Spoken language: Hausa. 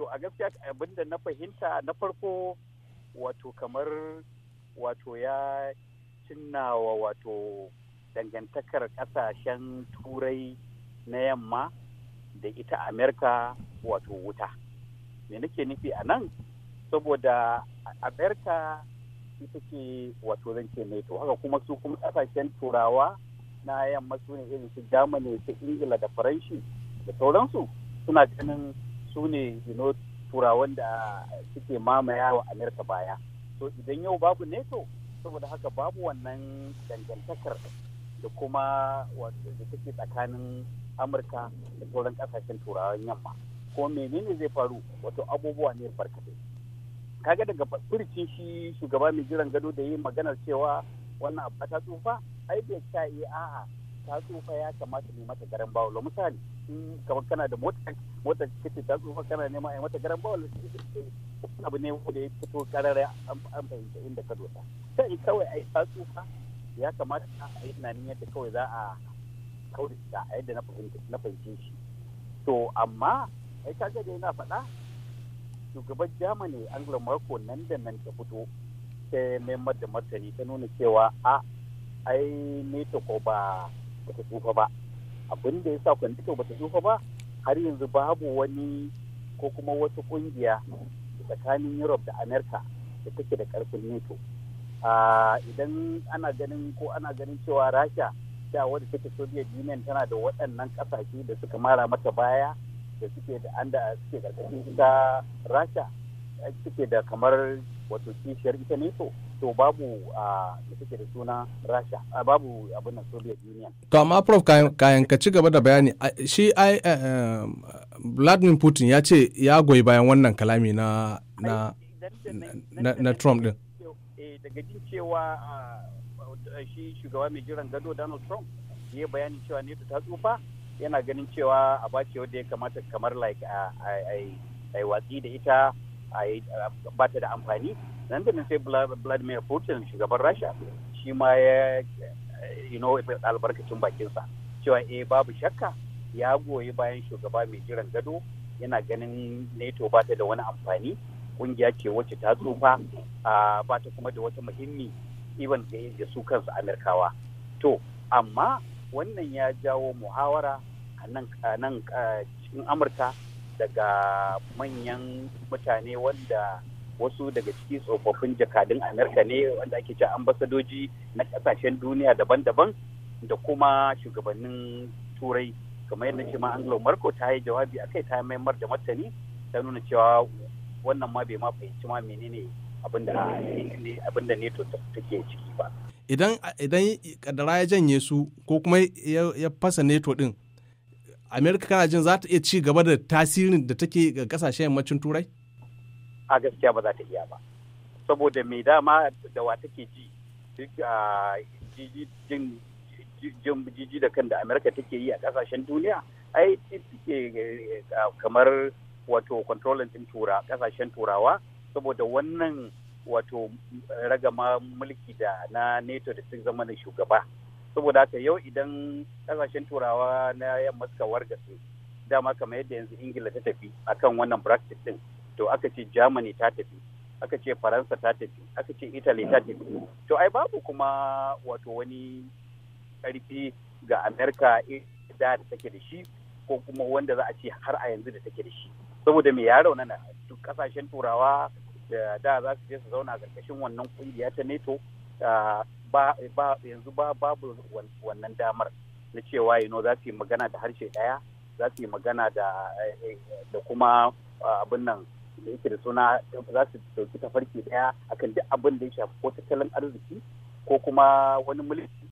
to a gaskiya abinda na fahimta na farko wato kamar wato ya cinnawa wato dangantakar kasashen turai na yamma da ita amerika wato wuta me nake nufi a nan saboda amerika ita ke wato zan ce to haka kuma su kuma kasashen turawa na yamma su ne irin su germany su ingila da faranshi da sauransu suna ganin su ne turawan da suke mamaya wa amurka baya to idan yau babu neto saboda haka babu wannan dangantakar da kuma da take tsakanin amurka da sauran kasashen turawan yamma ko menene zai faru wato abubuwa ne barkatai kaga daga furcin shi shugaba mai jiran gado da yi maganar cewa wannan abu ta tsufa ai bai sha eh, a'a ta tsufa ya kamata ne mata garan bawul misali in kamar kana da mota mota kace ta tsufa kana nema ai mata garan bawul abu ne wanda ya fito karara an fahimta inda ka dosa sai kawai ai ta tsufa ya kamata a yi tunanin yadda kawai za a kauri da yadda na fahimta na fahimce shi to amma ai ka ga dai na faɗa shugaban jamani angela marko nan da nan ta fito ta mai da martani ta nuna cewa a ai neto ko ba ta tsufa ba abin da ya sa ba bata tsufa ba har yanzu babu wani ko kuma wata kungiya tsakanin europe da america da take da karfin neto idan ana ganin ko ana ganin cewa rasha da wadda take soviet union tana da waɗannan ƙasashe da suka mara mata baya da suke da an da suke karkashin ita rasha suke da kamar wato kishiyar ita neto to babu da suke da suna rasha babu abin da soviet union to amma prof kayan ka ci gaba da bayani shi ai eh, eh, vladimir putin ya ce ya goyi bayan wannan kalami na na na trump din eh, daga jin cewa shi shugaba mai jiran gado donald trump ya bayani cewa ne ta tsufa yana ganin cewa a bace wadda ya kamata kamar like a watsi da ita a bata da amfani nan da sai vladimir putin shugaban rasha shi ma ya you know albarkacin bakinsa cewa eh babu shakka ya goyi bayan shugaba mai jiran gado yana ganin nato ba ta da wani amfani kungiya ce wacce ta tsufa ba ta kuma da wata muhimmi even da su kansu amurkawa to amma wannan ya jawo muhawara a nan cikin amurka daga manyan mutane wanda wasu daga ciki tsofaffin jakadun amurka ne wanda ake ce ambasadoji na kasashen duniya daban-daban da kuma shugabannin turai kamar yadda ce ma anglo marco ta yi jawabi a kai ta maimar da martani ta nuna cewa wannan ma bai ma fahimci ma menene abin da neto take ciki ba idan idan kadara ya janye su ko kuma ya fasa neto din amerika kana jin za ta iya ci gaba da tasirin da take ga kasashen yammacin turai a gaskiya ba za ta iya ba saboda mai dama da wa take ji jiji da kan da amerika take yi a kasashen duniya ai take kamar wato controlling din tura kasashen turawa saboda wannan wato ragama mulki da na neto da sun zama shugaba saboda haka yau idan kasashen turawa na yamma suka warga su dama kamar yadda yanzu ingila ta tafi akan wannan brexit din to aka ce germany ta tafi aka ce faransa ta tafi aka ce italy ta tafi to ai babu kuma wato wani karfi ga amerika da da take da shi ko kuma wanda za a ce har a yanzu da take da shi saboda me ya na duk kasashen turawa da da za su je su zauna karkashin wannan kungiya ta neto ba yanzu ba babu wannan damar na cewa yano za su yi magana da harshe ɗaya za su yi magana da eh, eh, kuma abin nan da yake da suna za su dauki tafarki daya akan duk abin da ya shafi ko tattalin arziki ko kuma wani mulki